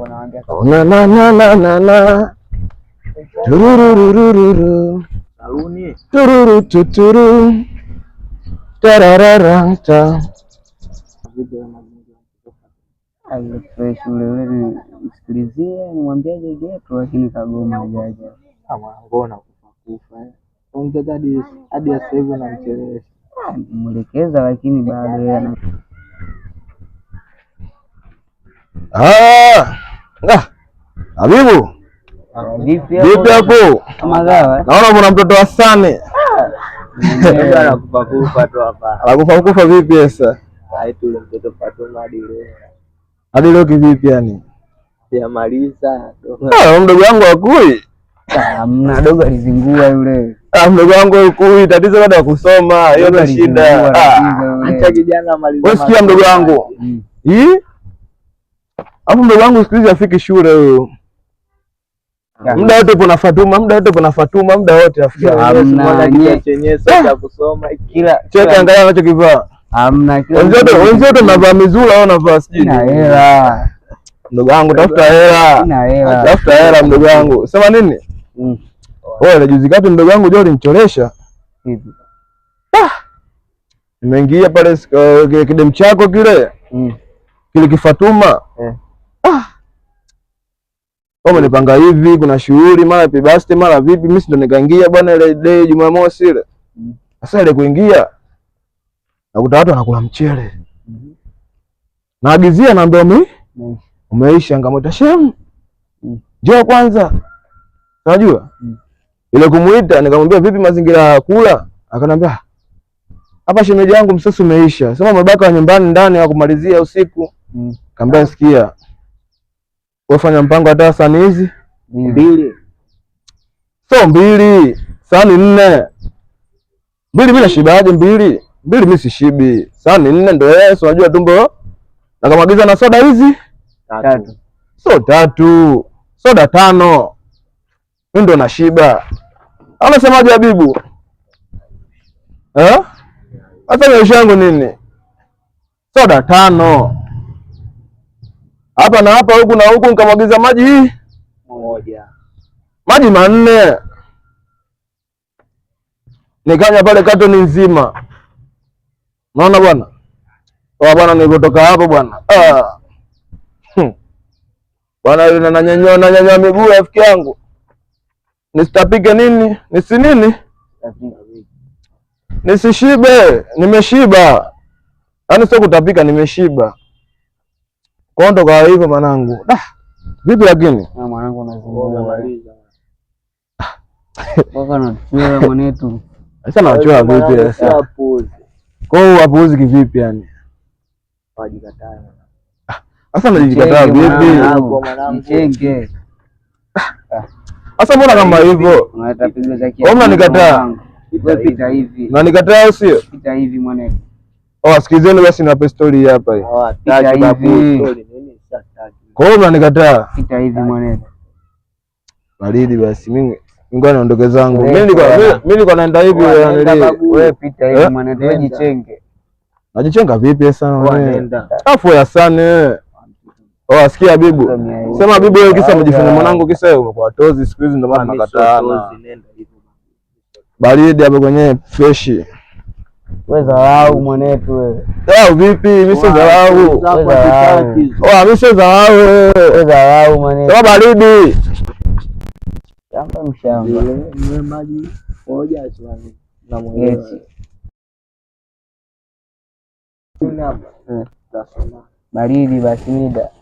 Oh, na na na na na na turururururu lakini kagoma jaja ngona kufakufa hadi sasa hivi namchelewesha, mwelekeza lakini bado yeye ah! Ah, Habibu, vipi hapo? Naona kuna mtoto wa Same anakufa kufa. Vipi sasa? Hadi leo kivipi? Yani ah, mdogo wangu akui mdogo alizingua yule ah, mdogo wangu akui, tatizo bado ya kusoma hiyo, ndo shida. Sikia mdogo wangu mm. hii hapo mdogo wangu siku hizi afiki shule huyo. Yaani. Muda wote kuna Fatuma, muda wote kuna Fatuma, muda wote afiki. Hamna nyenye chenye sasa cha eh! kusoma kila cheka angalia anachokivaa. Hamna kila. Wenzote wenzote mnavaa mizuri au navaa sijui. Na hela. Mdogo wangu tafuta hela. Na hela. Tafuta hela mdogo wangu. Sema nini? Mm. Wewe unajuzi kati mdogo wangu jeu ulinichoresha. Hivi. Ah. Nimeingia pale uh, kidem chako kile. Mm. Kile kifatuma. Eh wao mm. nipanga hivi, kuna shughuli mara happy birthday mara vipi, mimi ndo nikaingia bwana ile day Jumamosi ile. Mm. Sasa ile kuingia nakuta watu wanakula mchele. Mm-hmm. Naagizia naambia mimi mm. umeisha ngamota shem. Njoo kwanza. Unajua? Ile kumuita nikamwambia vipi mazingira ya kula? Akanambia hapa shemeji yangu msasa umeisha. Sema wa nyumbani ndani wa kumalizia usiku. Kaambia sikia wafanya mpango hata sani hizi mm. mbili, so mbili sani nne mbili. Mimi nashibaje? Mbili mbili, mimi sishibi. Sani nne ndio Yesu unajua tumbo, na na soda hizi tatu, so tatu soda tano, mimi ndo nashiba. Anasemaje Habibu eh? Hata maisha yangu nini? Soda tano hapa na hapa, huku na huku, nikamwagiza maji hii moja, maji manne, nikanywa pale katoni nzima. Unaona bwana, a oh, bwana, nilipotoka hapo bwana ah. Hmm. bwana yule nananyanyoa nanyanyoa miguu rafiki yangu, nisitapike nini nisi nini nisishibe, nimeshiba. Yaani sio kutapika, nimeshiba. Kwao ndo kawa hivyo mwanangu. Da. Vipi lakini? Ah, ah. Na mwanangu anazungumza. Baba anatuchora mwanetu. Sasa anachora vipi sasa? Kwao hapuuzi kivipi yani? Wajikataa. Ah, sasa anajikataa vipi? Mchenge. Sasa mbona kama hivyo? Unaleta pigo za kia. Mbona nikataa? pita hivi. Na nikataa au sio? Pita hivi mwanetu. Oh, sikizeni basi na pestoli hapa hii. Oh, pita hivi. Kwa hiyo unanikataa sita hivi mwanene, baridi basi. Mimi ngoja niondoke zangu, mimi nilikuwa naenda hivi. Wewe pita hivi eh? mwanene, unajichenge. Najichenga vipi sana? Afu ya sana Oh, asikia bibu. Sema bibu wewe kisa umejifunga mwanangu kisa wewe umekuwa tozi siku hizi ndio maana nakataana. Baridi hapo kwenye fresh. Wewe dharau mwanetu wewe. Dharau vipi? Mimi si dharau. Oh, mimi si dharau wewe. Wewe mwanetu. Sawa baridi. Shamba mshamba. Wewe maji moja asiwani na mwenyewe. Eh. Baridi basi mida.